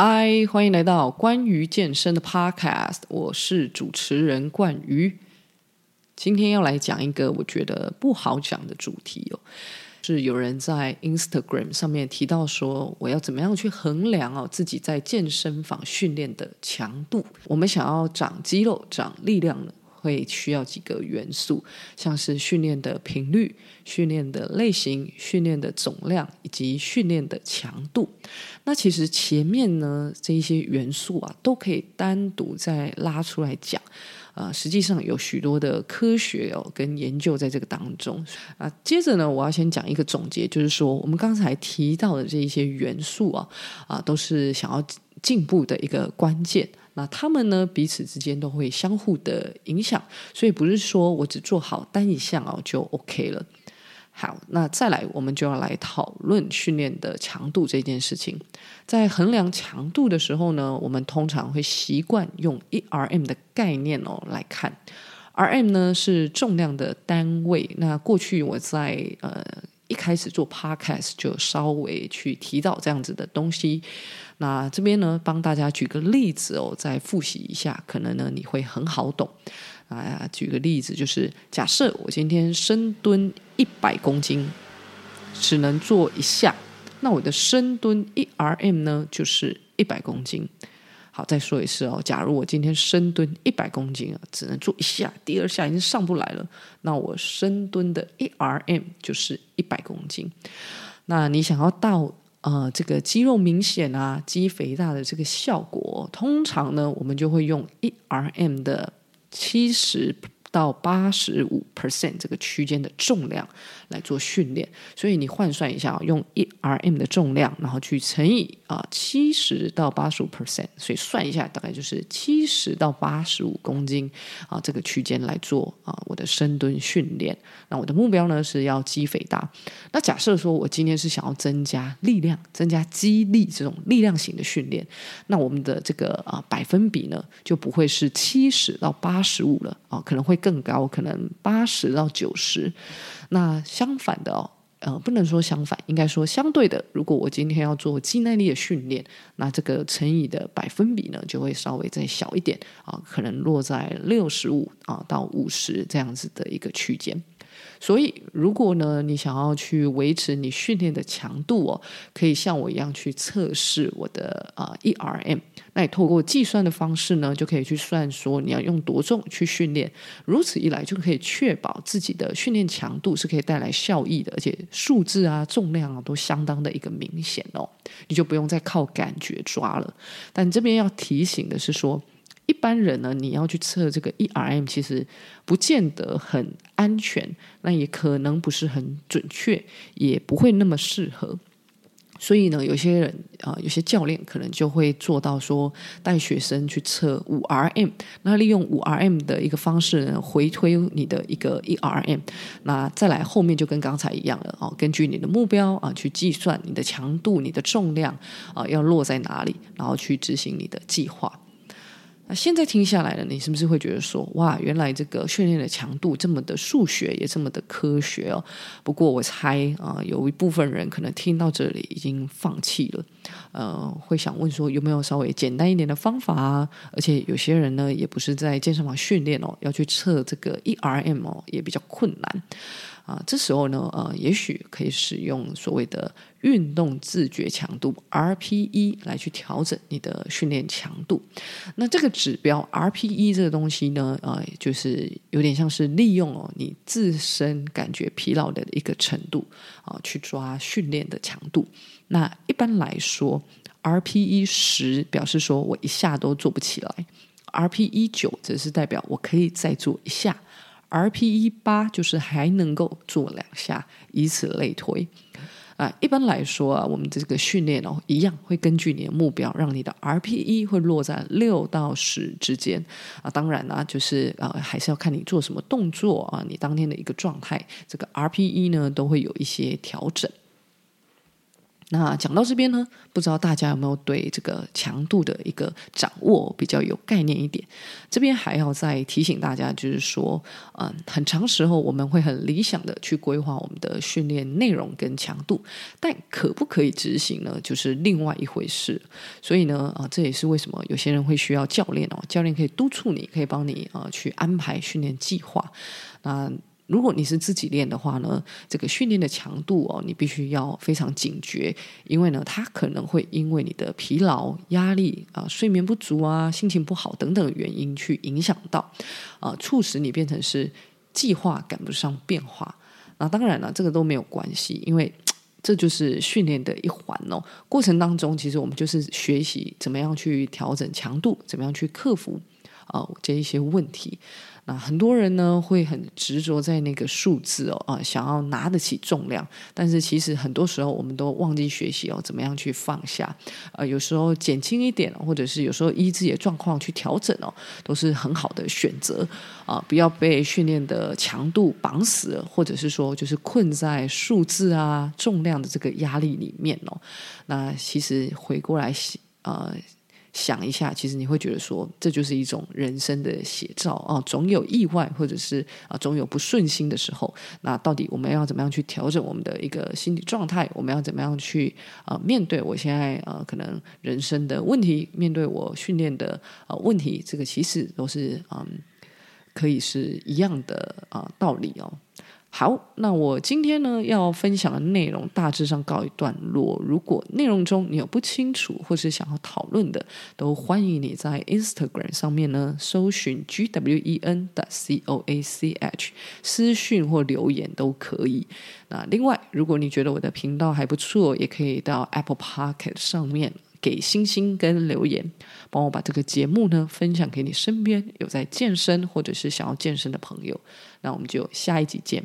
嗨，Hi, 歡迎來到關於健身的 Podcast，我是主持人冠瑜。今天要來講一個我覺得不好講的主題哦，是有人在 Instagram 上面提到說，我要怎麼樣去衡量哦自己在健身房訓練的強度？我們想要長肌肉、長力量呢，會需要幾個元素，像是訓練的頻率、訓練的類型、訓練的總量以及訓練的強度。那其實前面呢，這一些元素啊，都可以單獨再拉出來講。啊、呃，實際上有許多的科學哦跟研究在這個當中啊。接着呢，我要先講一個總結，就是說我們剛才提到的這一些元素啊，啊，都是想要進步的一個關鍵。那他們呢？彼此之間都會相互的影響，所以不是說我只做好單一項哦就 OK 了。好，那再來我們就要來討論訓練的強度這件事情。在衡量強度的時候呢，我們通常會習慣用一 RM 的概念哦來看，RM 呢是重量的單位。那過去我在呃。一開始做 podcast 就稍微去提到這樣子的東西，那這邊呢幫大家舉個例子哦，再複習一下，可能呢你會很好懂啊。舉個例子就是，假設我今天深蹲一百公斤，只能做一下，那我的深蹲一 RM 呢就是一百公斤。好，再說一次哦。假如我今天深蹲一百公斤啊，只能做一下，第二下已經上不來了。那我深蹲的 1RM 就是一百公斤。那你想要到呃這個肌肉明顯啊、肌肥大的這個效果，通常呢，我們就會用 1RM 的七十。到八十五 percent 這個區間的重量來做訓練，所以你換算一下，哦、用 ERM 的重量，然後去乘以啊七十到八十五 percent，所以算一下，大概就是七十到八十五公斤啊這個區間來做啊我的深蹲訓練。那我的目標呢是要肌肥大。那假設說我今天是想要增加力量，增加肌力這種力量型的訓練，那我們的這個啊百分比呢就不會是七十到八十五了啊，可能會。更高可能八十到九十，那相反的、哦、呃不能說相反，應該說相對的。如果我今天要做肌耐力的訓練，那這個乘以的百分比呢，就會稍微再小一點啊，可能落在六十五啊到五十這樣子的一個區間。所以，如果呢，你想要去維持你訓練的強度哦，可以像我一樣去測試我的啊 ERM。呃 ER、M, 那你透過計算的方式呢，就可以去算說你要用多重去訓練。如此一來，就可以確保自己的訓練強度是可以帶來效益的，而且數字啊、重量啊都相當的一個明顯哦。你就不用再靠感覺抓了。但這邊要提醒的是說。一般人呢，你要去測這個一 RM，其實不見得很安全，那也可能不是很準確，也不會那麼適合。所以呢，有些人啊、呃，有些教練可能就會做到說，帶學生去測五 RM，那利用五 RM 的一個方式呢，回推你的一個一 RM，那再來後面就跟剛才一樣了哦，根據你的目標啊、呃，去計算你的強度、你的重量啊、呃，要落在哪裡，然後去執行你的計劃。那現在聽下來呢，你是不是會覺得說，哇，原來這個訓練的強度這麼的數學，也這麼的科學哦？不過我猜啊，呃，有一部分人可能聽到這裡已經放棄了，呃，會想問說有沒有稍微簡單一點的方法啊？而且有些人呢，也不是在健身房訓練哦，要去測這個 ERM 哦，也比較困難。啊，這時候呢，呃，也許可以使用所謂的運動自覺強度 RPE 來去調整你的訓練強度。那這個指標 RPE 這個東西呢，呃，就是有點像是利用了你自身感覺疲勞的一個程度啊，呃，去抓訓練的強度。那一般來說，RPE 十表示說我一下都做不起來，RPE 九則是代表我可以再做一下。RPE 八就是還能夠做兩下，以此類推。啊，一般來說啊，我們這個訓練呢、哦，一樣會根據你的目標，讓你的 RPE 會落在六到十之間。啊，當然啦、啊，就是啊，還是要看你做什麼動作啊，你當天的一個狀態，這個 RPE 呢都會有一些調整。那講到這邊呢，不知道大家有沒有對這個強度的一個掌握比較有概念一點？這邊還要再提醒大家，就是說，嗯、呃，很長時候我們會很理想的去規劃我們的訓練內容跟強度，但可不可以執行呢？就是另外一回事。所以呢，啊、呃，這也是為什麼有些人會需要教練哦，教練可以督促你，可以幫你啊、呃，去安排訓練計劃。那、呃。如果你是自己練的話呢，這個訓練的強度哦，你必須要非常警覺，因為呢，它可能會因為你的疲勞、壓力啊、呃、睡眠不足啊、心情不好等等的原因去影響到，啊、呃，促使你變成是計劃趕不上變化。那當然了，這個都沒有關係，因為這就是訓練的一環哦。過程當中，其實我們就是學習怎麼樣去調整強度，怎麼樣去克服啊、呃、這一些問題。很多人呢會很執着在那個數字哦啊、呃，想要拿得起重量，但是其實很多時候我們都忘記學習哦，怎麼樣去放下？呃、有時候減輕一點，或者是有時候依自己的狀況去調整哦，都是很好的選擇啊、呃！不要被訓練的強度綁死了，或者是說就是困在數字啊重量的這個壓力裡面哦。那其實回過來，呃。想一下，其實你會覺得說，這就是一種人生的寫照啊。總有意外，或者是啊，總有不順心的時候。那到底我們要怎麼樣去調整我們的一個心理狀態？我們要怎麼樣去啊面對我現在啊，可能人生的問題？面對我訓練的啊問題？這個其實都是啊、嗯，可以是一樣的啊道理哦。好，那我今天呢要分享的內容大致上告一段落。如果內容中你有不清楚或是想要討論的，都歡迎你在 Instagram 上面呢搜尋 G W E N dot C O A C H 私訊或留言都可以。那另外，如果你覺得我的頻道還不錯，也可以到 Apple Pocket 上面給星星跟留言，幫我把這個節目呢分享給你身邊有在健身或者是想要健身的朋友。那我們就下一集見。